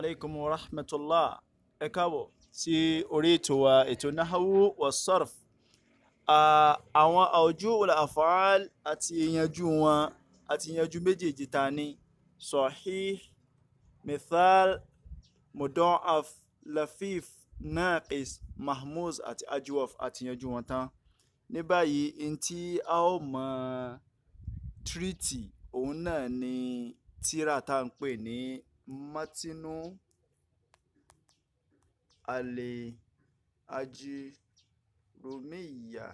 alaykum wa rahmatullah ẹ káàbọ̀ sí orí ètò wa ètò náhàwó wa sarf àwọn àwùjọ al-af'al àti ìyanjú wọn àti ìyanjú méjèèjì ta ni sahih mithal mudọ́af lafif naqis mahmuz àti ajwaf àti ìyanjú wọn tán ní báyìí n tí a ó mọ tírìtì òun náà ni tíra tá ń pè ní Martinu Al-Ajurumiyya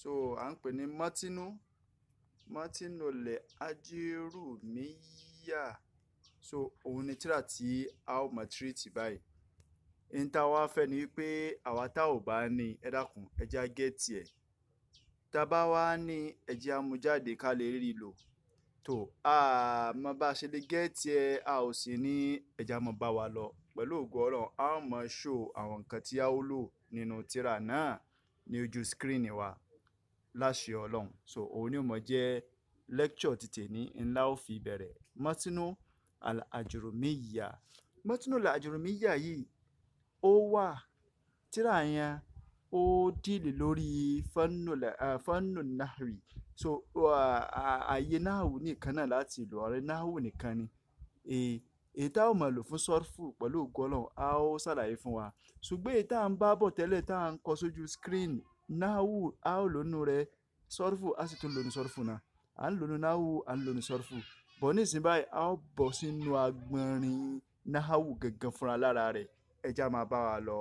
so à ń pè ní Martinu Martinu Al-Ajurumiyya so òun ni tírà tí a ó máa tírìtì báyìí n ta fẹ́ ni wípé àwa tá ò bá ní ẹ dákun ẹ ẹ̀ tá a bá wá ní ẹ jẹ́ ká lè rí lò tó a mọ bá a ṣe lè gẹ́ẹ̀tì ẹ a ò sì ní ẹja mọ bá wa lọ pẹ̀lú ògo ọlọ́run a ó mọ ṣó àwọn nǹkan tí a ó lò nínú tírà náà ní ojú skírínì wa láṣẹ ọlọ́run so òun ni ó mọ jẹ́ lẹ́kṣọ̀ ti tèmi ńlá ó fi bẹ̀rẹ̀ mọ́tínú àjùrùmíyà mọ́tínú àjùrùmíyà yìí ó wà tírà yẹn ó dìlì lórí fọ́nù nahwi so ààyè nahwu nìkan náà láti lò ọ̀rẹ́ nahwu nìkan ni èyí tá ò mọ̀ lò fún sọ́ọ̀fù pẹ̀lú ògo Ọlọ́run a ó ṣàlàyé fún wa ṣùgbọ́n èyí tá à ń bá bọ̀ tẹ́lẹ̀ tá à ń kọ sójú screen nahwu a ó lónú rẹ̀ sọ́ọ̀fù a sì tún lónú sọ́ọ̀fù náà à ń lónú nahwu à ń lónú sọ́ọ̀fù bọ̀ ní ìsìn báyìí a ó bọ̀ sínú agbọ̀nrin nahwu gangan fúnra lára rẹ̀ ẹja máa bá wa lọ.